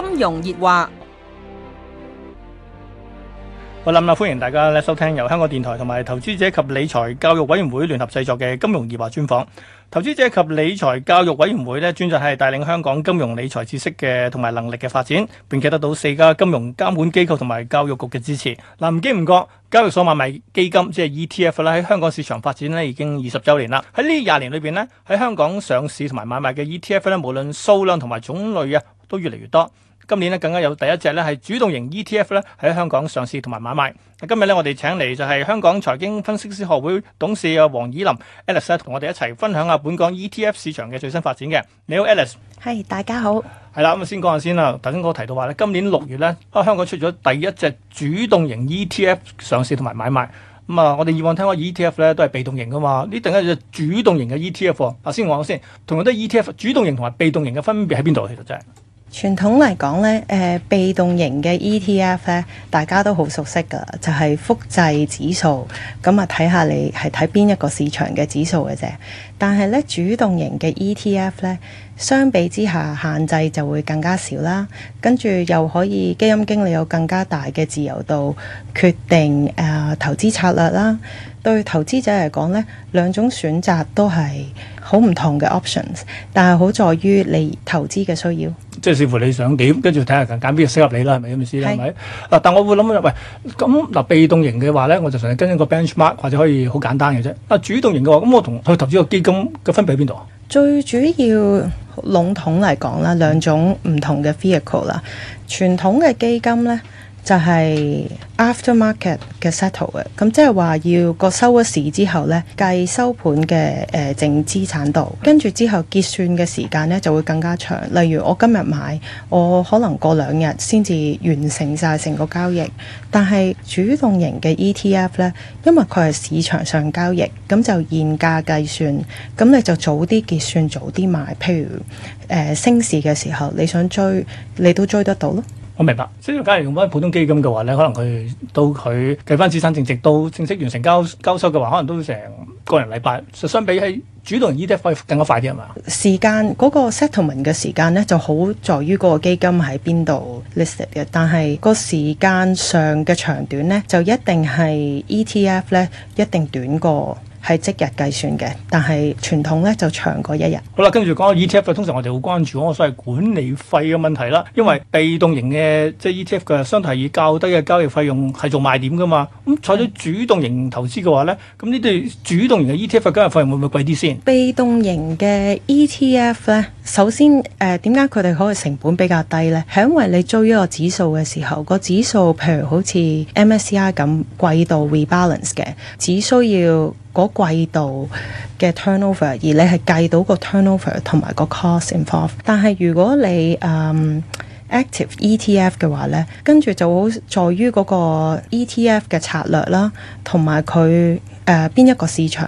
金融熱話，我諗啦，歡迎大家咧收聽由香港電台同埋投資者及理財教育委員會聯合製作嘅金融熱話專訪。投資者及理財教育委員會咧，專責係帶領香港金融理財知識嘅同埋能力嘅發展，並且得到四家金融監管機構同埋教育局嘅支持。嗱、啊，唔經唔覺，交易所買賣基金即係 ETF 啦，喺香港市場發展咧已經二十周年啦。喺呢廿年裏邊咧，喺香港上市同埋買賣嘅 ETF 咧，無論數量同埋種類啊，都越嚟越多。今年咧更加有第一隻咧係主動型 ETF 咧喺香港上市同埋買賣。今日咧，我哋請嚟就係香港財經分析師學會董事嘅黃綺琳 Alice 同我哋一齊分享下本港 ETF 市場嘅最新發展嘅。你好，Alice。係，大家好。係啦，咁先講下先啦。頭先我提到話咧，今年六月咧，香港出咗第一隻主動型 ETF 上市同埋買賣。咁啊，我哋以往聽講 ETF 咧都係被動型噶嘛，呢第一隻主動型嘅 ETF 啊，先講先，同樣都 ETF 主動型同埋被動型嘅分別喺邊度？其實真係。傳統嚟講咧，誒、呃，被動型嘅 ETF 咧，大家都好熟悉㗎，就係、是、複製指數，咁啊睇下你係睇邊一個市場嘅指數嘅啫。但係咧，主動型嘅 ETF 咧，相比之下限制就會更加少啦，跟住又可以基金經理有更加大嘅自由度，決定誒、呃、投資策略啦。對投資者嚟講咧，兩種選擇都係好唔同嘅 options，但係好在於你投資嘅需要，即係視乎你想點，跟住睇下揀揀邊個適合你啦，係咪咁意思啦？係咪是？嗱，但我會諗，喂，咁嗱，被動型嘅話咧，我就純粹跟一個 benchmark，或者可以好簡單嘅啫。啊，主動型嘅話，咁我同去投資個基金嘅分別喺邊度啊？最主要籠統嚟講啦，兩種唔同嘅 vehicle 啦，傳統嘅基金咧，就係 after market 嘅 settle 嘅，咁即係話要過收咗市之後呢計收盤嘅誒淨資產度，跟住之後結算嘅時間呢就會更加長。例如我今日買，我可能過兩日先至完成晒成個交易。但係主動型嘅 ETF 呢，因為佢係市場上交易，咁就現價計算，咁你就早啲結算，早啲買，譬如呃，升市嘅時候，你想追，你都追得到咯。我明白，即係假如用翻普通基金嘅話咧，可能佢都佢計翻資產淨值，都正式完成交交收嘅話，可能都成個零禮拜。就相比起主動 ETF 可以更加快啲係咪？時間嗰個 settlement 嘅時間咧，就好在於嗰個基金喺邊度 listed 嘅，但係個時間上嘅長短咧，就一定係 ETF 咧一定短過。係即日計算嘅，但係傳統咧就長過一日。好啦，跟住講到 E T F，通常我哋會關注嗰個所謂管理費嘅問題啦。因為被動型嘅即係 E T F 嘅，相對較低嘅交易費用係做賣點噶嘛。咁採取主動型投資嘅話咧，咁呢啲主動型嘅 E T F 嘅交易費用會唔會貴啲先？被動型嘅 E T F 咧，首先誒點解佢哋嗰個成本比較低咧？係因為你追一個指數嘅時候，個指數譬如好似 M S C I 咁季度 rebalance 嘅，只需要。嗰季度嘅 turnover，而你係計到個 turnover 同埋個 cost involved。但係如果你誒、um, active ETF 嘅話呢，跟住就好在於嗰個 ETF 嘅策略啦，同埋佢誒邊一個市場，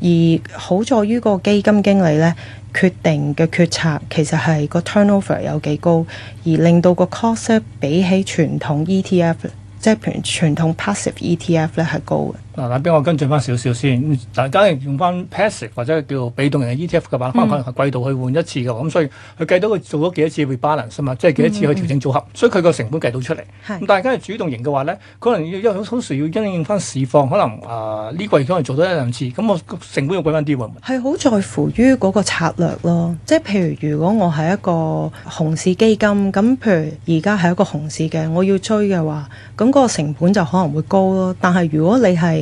而好在於個基金經理呢決定嘅決策，其實係個 turnover 有幾高，而令到個 cost 比起傳統 ETF，即係譬如傳統 passive ETF 呢係高嘅。嗱，等我跟進翻少少先。大家用翻 passive 或者叫做被動型 ETF 嘅話，嗯、可能係季度去換一次嘅，咁所以佢計到佢做咗幾多次去 balance 嘛，即係幾多次去調整組合，嗯、所以佢個成本計到出嚟。大家係主動型嘅話咧，可能要因好時要因應翻市況，可能啊呢個月可能做到一兩次，咁我成本要貴翻啲喎。係好在乎於嗰個策略咯，即係譬如如果我係一個熊市基金，咁譬如而家係一個熊市嘅，我要追嘅話，咁嗰個成本就可能會高咯。但係如果你係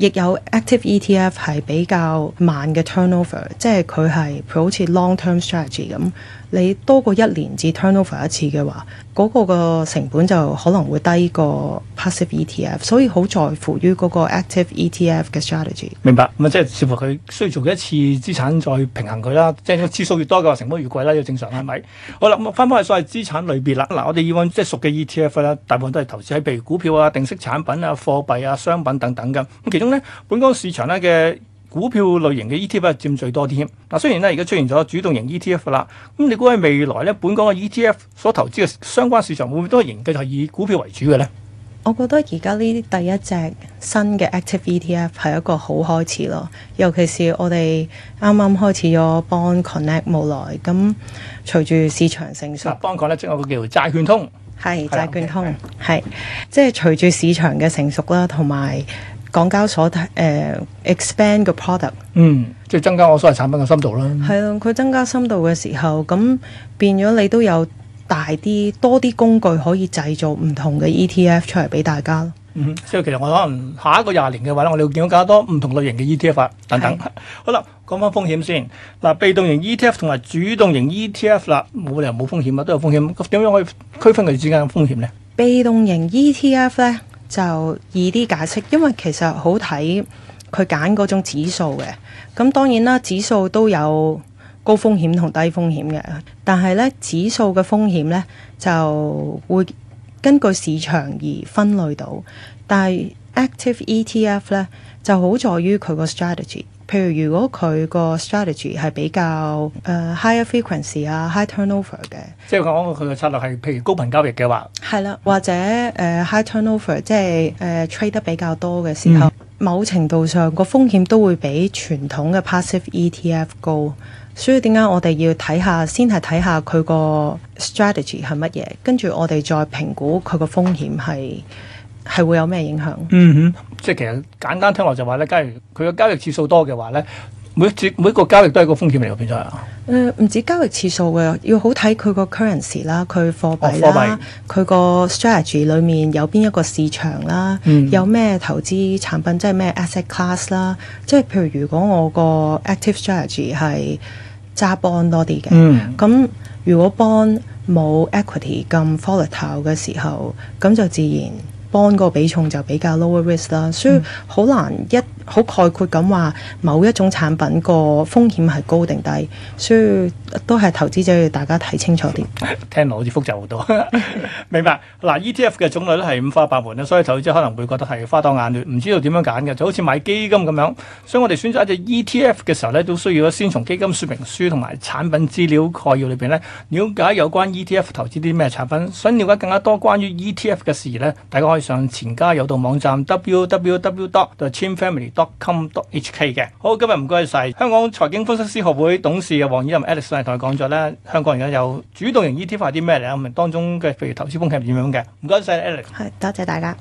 亦有 active ETF 係比較慢嘅 turnover，即係佢係好似 long term strategy 咁。你多過一年至 turnover 一次嘅話，嗰、那個個成本就可能會低過 passive ETF，所以好在乎於嗰個 active ETF 嘅 strategy。明白，咁、嗯、啊即係似乎佢需要做一次資產再平衡佢啦，即係次數越多嘅話，成本越貴啦，要正常係咪？好啦，翻翻返去所謂資產類別啦，嗱，我哋以往即係熟嘅 ETF 啦，大部分都係投資喺譬如股票啊、定息產品啊、貨幣啊、商品等等嘅，咁其中。本港市場咧嘅股票類型嘅 ETF 咧佔最多啲。嗱，雖然咧而家出現咗主動型 ETF 啦，咁你估喺未來咧，本港嘅 ETF 所投資嘅相關市場會唔會都係仍繼續係以股票為主嘅咧？我覺得而家呢啲第一隻新嘅 active ETF 係一個好開始咯。尤其是我哋啱啱開始咗 Bond Connect 冇來，咁隨住市場成熟，幫我咧即係嗰個叫做債券通，係債券通，係即係隨住市場嘅成熟啦，同埋。港交所睇、呃、expand 個 product，嗯，即、就、係、是、增加我所謂產品嘅深度啦。係咯、啊，佢增加深度嘅時候，咁變咗你都有大啲多啲工具可以製造唔同嘅 ETF 出嚟俾大家。嗯，所以其實我可能下一個廿年嘅話咧，我哋會見到更加多唔同類型嘅 ETF 發、啊、等等。是好啦，講翻風險先。嗱，被動型 ETF 同埋主動型 ETF 啦，冇理由冇風險啊，都有風險。點樣可以區分佢之間嘅風險咧？被動型 ETF 咧？就易啲解釋，因為其實好睇佢揀嗰種指數嘅，咁當然啦，指數都有高風險同低風險嘅，但係咧指數嘅風險咧就會根據市場而分類到，但係 active ETF 咧就好在於佢個 strategy。譬如如果佢個 strategy 係比較誒、uh, higher frequency 啊、uh,、high turnover 嘅，即係佢講過佢嘅策略係譬如高頻交易嘅話，係啦，或者誒、uh, high turnover，即係誒 trade 得比較多嘅時候，嗯、某程度上個風險都會比傳統嘅 passive ETF 高，所以點解我哋要睇下，先係睇下佢個 strategy 係乜嘢，跟住我哋再評估佢個風險係。係會有咩影響？嗯哼，嗯、即係其實簡單聽落就話咧，假如佢嘅交易次數多嘅話咧，每一每一個交易都係個風險嚟嘅，變咗係誒唔止交易次數嘅，要好睇佢個 currency 啦，佢貨幣啦，佢個、哦、strategy 裡面有邊一個市場啦，嗯、有咩投資產品，即係咩 asset class 啦，即係譬如如果我個 active strategy 係揸 bond 多啲嘅，咁、嗯、如果 bond 冇 equity 咁 volatile 嘅時候，咁就自然。幫個比重就比較 low risk 啦，所以好難一。好概括咁話，某一種產品個風險係高定低，所以都係投資者要大家睇清楚啲。聽落好似複雜好多， 明白嗱。ETF 嘅種類咧係五花八門啦，所以投資者可能會覺得係花多眼亂，唔知道點樣揀嘅，就好似買基金咁樣。所以我哋選擇一隻 ETF 嘅時候咧，都需要先從基金說明書同埋產品資料概要裏邊咧，了解有關 ETF 投資啲咩產品。想了解更加多關於 ETF 嘅事咧，大家可以上錢家有道網站 w w w d o t i e m f a m i l y dotcom dot hk 嘅好，今日唔該晒香港財經分析師學會董事嘅黃綺琳 Alice 咧，同你講咗咧香港而家有主動型 ETF 係啲咩嚟，同埋當中嘅譬如投資風險係點樣嘅，唔該晒 Alice。係多謝大家。